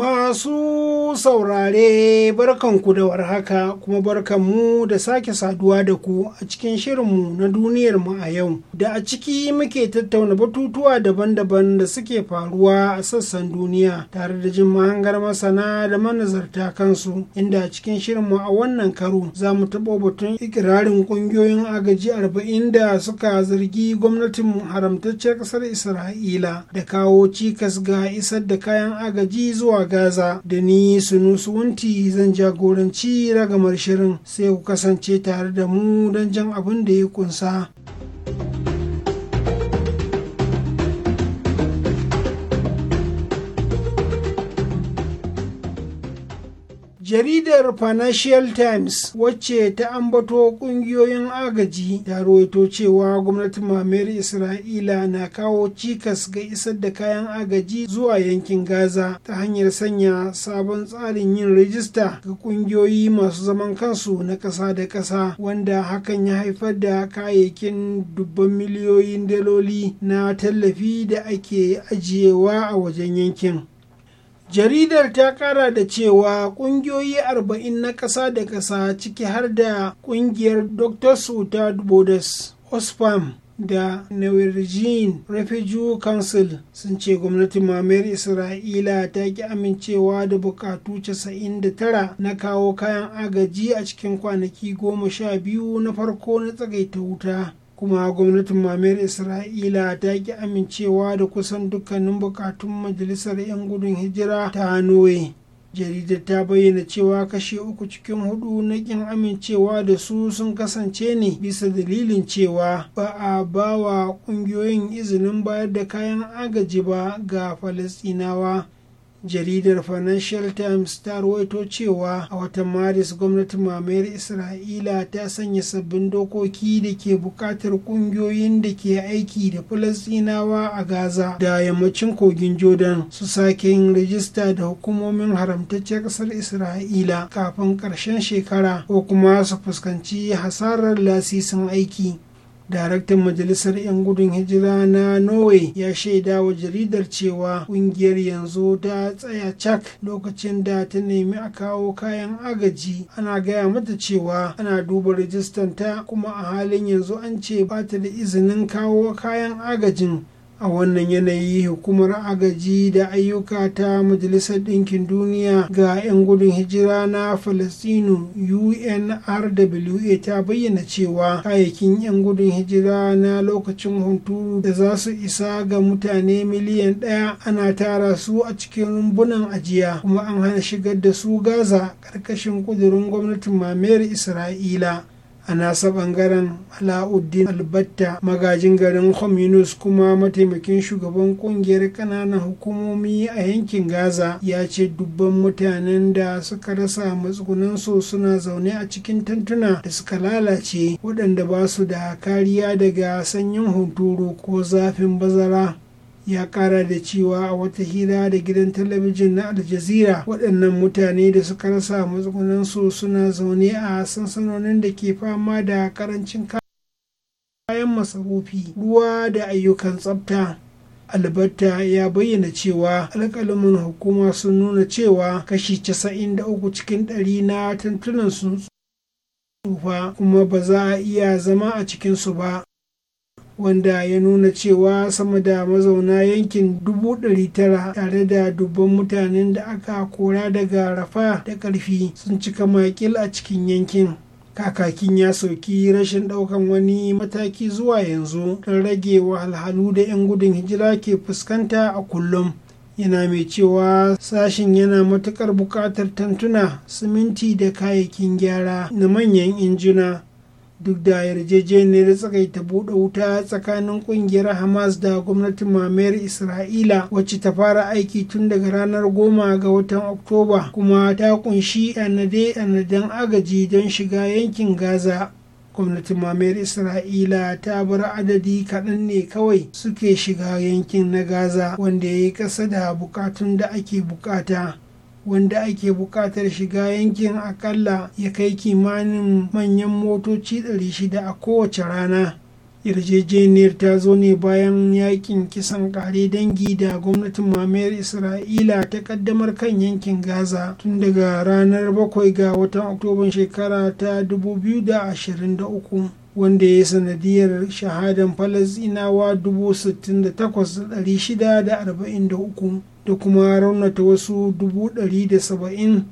Speaker 6: Masu
Speaker 3: saurare barkan ku da warhaka kuma barkanmu da sake saduwa da ku a cikin shirinmu na duniyar mu a yau da a ciki muke tattauna batutuwa daban-daban da suke faruwa a sassan duniya tare da jin mahangar masana da manazarta kansu inda a cikin shirinmu a wannan karo za mu taɓo batun ikirarin ƙungiyoyin agaji arba'in da suka zargi gwamnatin haramtacciyar ƙasar Isra'ila da kawo cikas ga isar da kayan agaji zuwa gaza da ni sunu wunti zan jagoranci ragamar shirin sai ku kasance tare da mu don jan abin da ya kunsa. jaridar financial times wacce ta ambato kungiyoyin agaji ta rawaito cewa gwamnatin mamayar isra'ila na kawo cikas ga isar da kayan agaji zuwa yankin gaza ta hanyar sanya sabon tsarin yin rajista ga kungiyoyi masu zaman kansu na kasa da kasa, wanda hakan ya haifar da kayayyakin dubban miliyoyin daloli na tallafi da ake ajiyewa a wajen yankin jaridar ta kara da cewa kungiyoyi 40 na ƙasa da ƙasa ciki har da kungiyar dr suta borders osfam da norwegian refugee council sun ce gwamnatin mamayar isra'ila ta ki amincewa da bukatu 99 na kawo kayan agaji a cikin kwanaki 12 na farko na tsagaita wuta kuma gwamnatin mamayar isra'ila ta ki amincewa da kusan dukkanin bukatun majalisar 'yan gudun hijira ta hanoi jaridar ta bayyana cewa kashe uku cikin hudu na kin amincewa da su sun kasance ne bisa dalilin cewa ba a ba wa kungiyoyin izinin bayar da kayan agaji ba ga falasinawa jaridar financial times ta ruwaito cewa a watan maris gwamnati mamayar isra'ila ta sanya sabbin dokoki da ke bukatar kungiyoyin da ke aiki da falasinawa a gaza da yammacin kogin jordan su sake yin rajista da hukumomin haramtacciyar kasar isra'ila kafin karshen shekara ko kuma su fuskanci hasarar lasisin aiki daraktan majalisar 'yan gudun hijira na norway ya shaida wa jaridar cewa kungiyar yanzu ta tsaya cak lokacin da ta nemi a kawo kayan agaji ana gaya mata cewa ana duba rijistan ta kuma a halin yanzu an ce ba ta da izinin kawo kayan agajin a wannan yanayi hukumar agaji da ayyuka ta majalisar ɗinkin duniya ga 'yan gudun hijira na falastinu unrwa ta bayyana cewa kayayyakin 'yan gudun hijira na lokacin hunturu da za su isa ga mutane miliyan ɗaya ana tara su a cikin rumbunan ajiya kuma an hana shigar da su gaza ƙarƙashin ƙudurin gwamnatin mamayar isra'ila a nasa bangaren alauddin albatta magajin garin Yunus kuma mataimakin shugaban kungiyar kananan hukumomi a yankin gaza ya ce dubban mutanen da suka rasa matsugunansu suna zaune a cikin tantuna da suka lalace waɗanda ba su da kariya daga sanyin hunturu ko zafin bazara ya kara da cewa a wata hira da gidan talabijin na aljazira waɗannan mutane da suka rasa matsugunansu suna zaune a sansanonin da ke fama da karancin kayan masarufi ruwa da ayyukan tsafta albatta ya bayyana cewa alkalamin hukuma sun nuna cewa kashi casa'in da uku cikin ɗari na tantunan sun tsufa kuma ba za a iya zama a cikinsu ba wanda ya nuna cewa sama da mazauna yankin tara. tare da dubban mutanen da aka kora daga rafa da ƙarfi sun cika makil a cikin yankin kakakin ya sauki rashin daukan wani mataki zuwa yanzu don rage wahalhalu da 'yan gudun hijira ke fuskanta a kullum yana mai cewa sashin yana matukar buƙatar tantuna siminti da kayayyakin gyara na manyan injina duk da yarjejeniyar ta buɗe wuta tsakanin ƙungiyar hamas da gwamnatin mamayar isra'ila wacce ta fara aiki tun daga ranar goma ga watan oktoba kuma ta kunshi yanade-yanaden agaji don shiga yankin gaza gwamnatin mamayar isra'ila ta bar adadi kaɗan ne kawai suke shiga yankin na gaza wanda ya yi ƙasa da bukatun da ake bukata wanda ake bukatar shiga yankin akalla ya kai kimanin manyan motoci 600 a kowace rana yarjejeniyar ta zo ne bayan yakin kisan kare dangi da gwamnatin mamayar isra'ila ta kaddamar kan yankin gaza tun daga ranar 7 ga watan oktoban shekara ta 2023 wanda ya yi sanadiyar shahadan falasinawa 68,643 da kuma raunata wasu dubu da da da da saba'in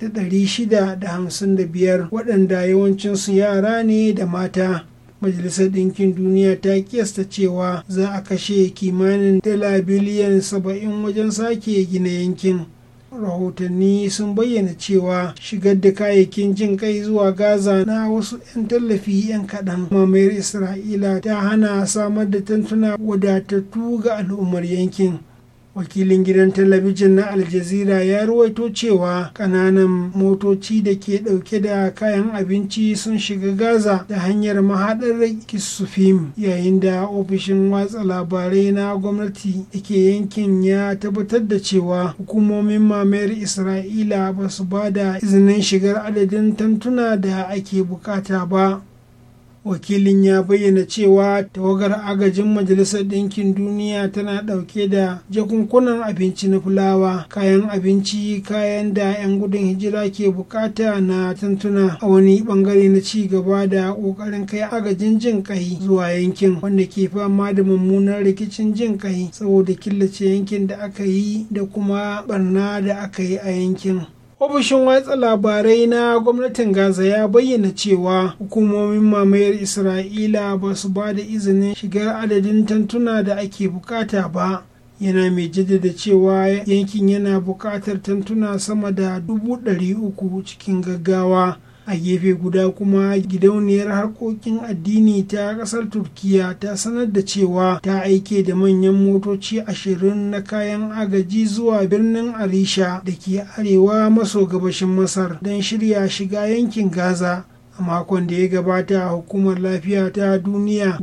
Speaker 3: shida hamsin biyar. waɗanda yawancinsu yara ne da mata majalisar ɗinkin duniya ta kiyasta cewa za a kashe kimanin dala biliyan saba'in wajen sake gina yankin rahotanni sun bayyana cewa shigar da kayayyakin jin kai zuwa gaza na wasu 'yan tallafi 'yan kaɗan mamayar isra'ila ta hana samar da tantuna wadatattu ga al'ummar yankin wakilin gidan talabijin na aljazira ya ruwaito cewa kananan motoci da ke dauke da kayan abinci sun shiga gaza da hanyar mahadar kisufim yayin da ofishin watsa labarai na gwamnati da ke yankin ya tabbatar da cewa hukumomin mamayar isra'ila ba su ba da izinin shigar adadin tantuna da ake bukata ba wakilin ya bayyana cewa tawagar agajin majalisar ɗinkin duniya tana ɗauke da jakunkunan abinci na fulawa kayan abinci kayan da 'yan gudun hijira ke bukata na tuntuna. a wani bangare na ci gaba da ƙoƙarin kai agajin jin kai zuwa yankin wanda ke fama da mummunan rikicin jin kai saboda killace yankin da aka yi da kuma barna da aka yi a yankin ofishin watsa labarai na gwamnatin gaza ya bayyana cewa hukumomin mamayar isra'ila ba su ba da izinin shigar adadin tantuna da ake bukata ba yana mai jaddada cewa yankin yana bukatar tantuna sama da dubu uku cikin gaggawa a gefe guda kuma gidauniyar harkokin addini ta kasar turkiya ta sanar da cewa ta aike da manyan motoci ashirin na kayan agaji zuwa birnin arisha da ke arewa maso gabashin masar don shirya shiga yankin gaza a makon da ya gabata hukumar lafiya ta duniya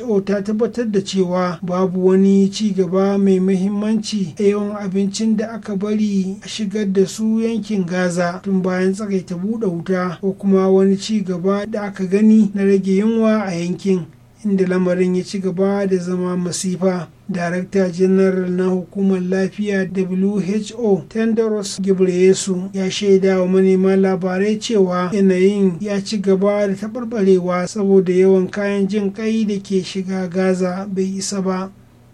Speaker 3: who ta tabbatar da cewa babu wani ci gaba mai mahimmanci a yawan abincin da aka bari a shigar da su yankin gaza tun bayan tsakaita buɗe wuta ko kuma wani ci gaba da aka gani na rage yunwa a yankin inda lamarin ya ci gaba da zama masifa darakta janaral na hukumar lafiya who tendros ghebreyesu ya shaida wa manema labarai cewa yanayin ya ci gaba da taɓarɓarewa saboda yawan kayan jin ƙai da ke shiga gaza bai isa ba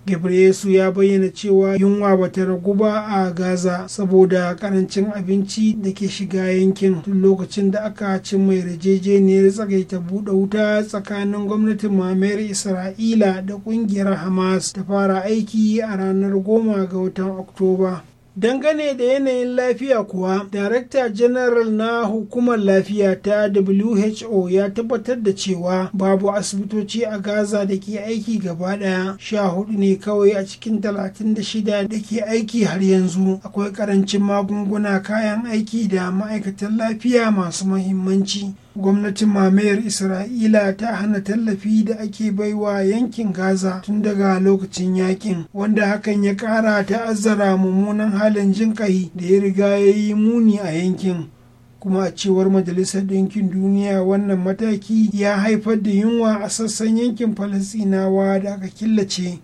Speaker 3: Gebreyesu ya bayyana cewa yunwa ba ta ragu ba a Gaza saboda karancin abinci da ke shiga yankin tun lokacin da aka cimma yarjejeniyar tsagaita buɗe wuta tsakanin gwamnatin mamayar Isra'ila da ƙungiyar Hamas ta fara aiki a ranar goma ga watan Oktoba. dangane da yanayin lafiya kuwa darakta janaral na hukumar lafiya ta who ya tabbatar da cewa babu asibitoci a gaza da ke aiki gaba daya sha hudu ne kawai a cikin talatin da shida da ke aiki har yanzu akwai karancin magunguna kayan aiki da ma'aikatan lafiya masu muhimmanci gwamnatin mamayar isra'ila ta hana tallafi da ake baiwa yankin gaza tun daga lokacin yakin wanda hakan ya kara ta'azzara mummunan halin kai da ya riga ya yi muni a yankin kuma a cewar majalisar ɗinkin duniya wannan mataki ya haifar da yunwa a sassan yankin falasinawa da aka killace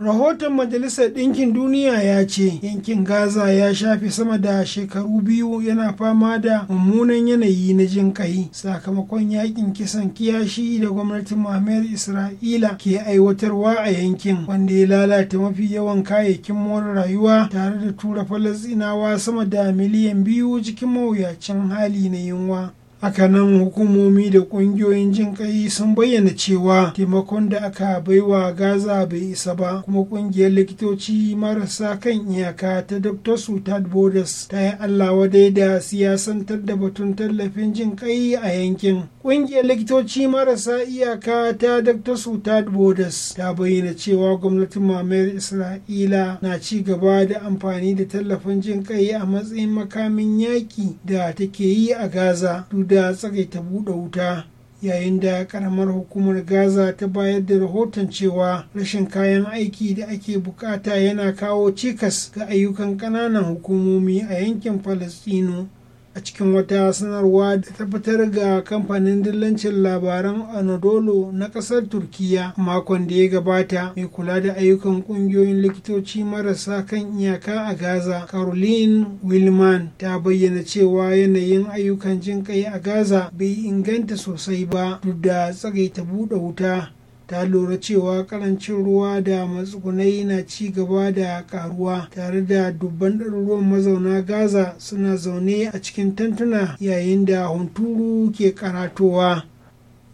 Speaker 3: rahoton majalisar ɗinkin duniya ya ce yankin gaza ya shafe sama da shekaru biyu yana fama da mummunan yanayi na jin kai sakamakon yakin kisan kiyashi da gwamnatin mamayar isra'ila ke aiwatarwa a yankin wanda ya lalata mafi yawan kayayyakin more rayuwa tare da tura falasinawa sama da miliyan biyu cikin mawuyacin hali na yunwa nan hukumomi da kungiyoyin jin kai sun bayyana cewa taimakon da aka baiwa gaza bai isa ba kuma kungiyar likitoci marasa kan iyaka ta dr sultan borders ta yi allah wadai da siyasantar da batun tallafin jin kai a yankin kungiyar likitoci marasa iyaka ta dr sultan borders ta bayyana cewa gwamnatin mamayar isra'ila na ci gaba da amfani da tallafin jin kai a matsayin makamin yaƙi da take yi a gaza da da ta buɗe wuta yayin da karamar hukumar gaza ta bayar da rahoton cewa rashin kayan aiki da ake bukata yana kawo cikas ga ayyukan ƙananan hukumomi a yankin falastino a cikin wata sanarwa da ta fitar ga kamfanin dillancin labaran anadolu na kasar turkiya makon da ya gabata mai kula da ayyukan kungiyoyin likitoci marasa kan iyaka a gaza caroline wilman ta bayyana cewa yanayin ayyukan jin kai a gaza bai inganta sosai ba duk da tsagaita buɗe wuta ta lura cewa karancin ruwa da matsugunai na ci gaba da karuwa tare da dubban ɗaruruwan mazauna gaza suna zaune a cikin tantuna yayin da hunturu ke karatowa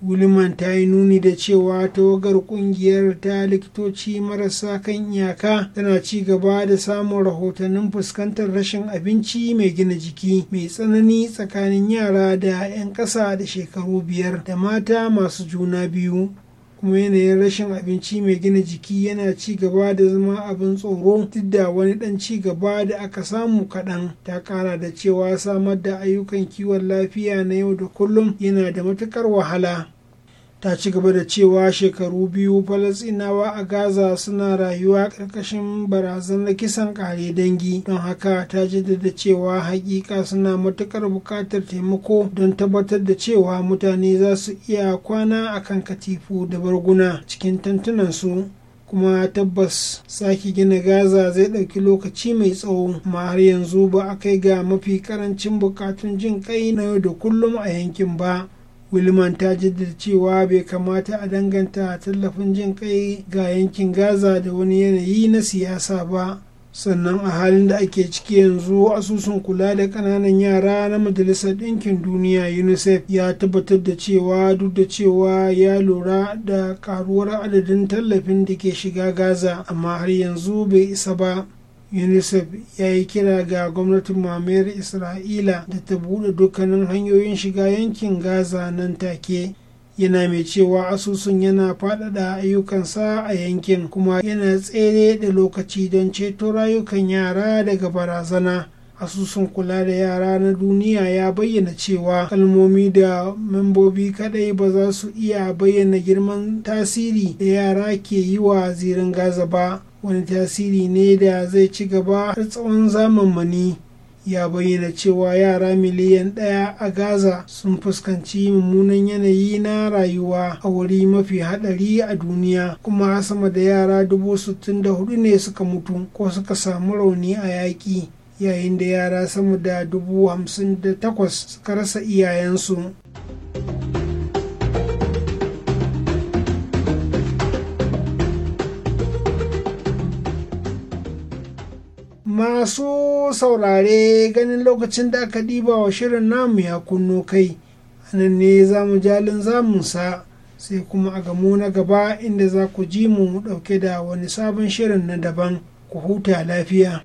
Speaker 3: wuliman ta yi nuni da cewa tawagar kungiyar ta likitoci marasa kan iyaka tana ci gaba da samun rahotannin fuskantar rashin abinci mai gina jiki mai tsanani tsakanin yara da 'yan ƙasa da shekaru biyar da mata masu juna biyu kuma yanayin rashin abinci mai gina jiki yana ci gaba da zama abin tsoro duk da wani dan ci gaba da aka samu kaɗan ta ƙara da cewa samar da ayyukan kiwon lafiya na yau da kullum yana da matukar wahala ta ci gaba da cewa shekaru biyu falasinawa a gaza suna rayuwa ƙarƙashin barazanar kisan ƙare dangi don haka ta jaddada cewa hakika suna matuƙar buƙatar taimako don tabbatar da cewa mutane za su iya kwana a kan katifu da barguna cikin tantunansu kuma tabbas sake gina gaza zai ɗauki lokaci mai tsawo ma har yanzu ba a kai ga mafi karancin bukatun jin kai na yau da kullum a yankin ba wilman ta jaddada cewa bai kamata a danganta tallafin jin kai ga yankin gaza da wani yanayi na siyasa ba sannan a halin da ake ciki yanzu asusun kula da ƙananan yara na majalisar ɗinkin duniya unicef ya tabbatar da cewa duk da cewa ya lura da karuwar adadin tallafin da ke shiga gaza amma har yanzu bai isa ba unicef ya yi kira ga gwamnatin mamayar isra'ila da ta buɗe dukkanin hanyoyin shiga yankin gaza nan take yana mai cewa asusun yana faɗaɗa ayyukansa a yankin kuma yana tsere da lokaci don ceto rayukan yara daga barazana asusun kula da yara na duniya ya bayyana cewa kalmomi da membobi kadai ba za su iya bayyana girman tasiri da yara ke yi wa zirin gaza ba wani tasiri ne da zai ci gaba har tsawon zamanmani ya bayyana cewa yara miliyan ɗaya a gaza sun fuskanci mummunan yanayi na rayuwa a wuri mafi haɗari a duniya kuma sama da yara dubu sittin da hudu ne suka mutu ko suka samu rauni a yaƙi yayin da yara sama da dubu hamsin da takwas suka rasa iyayensu. masu saurare ganin lokacin da aka diba wa shirin namu ya kunno kai nan ne za mu jalin zamunsa sai kuma a gamu na gaba inda za ku ji mu dauke da wani sabon shirin na daban ku huta lafiya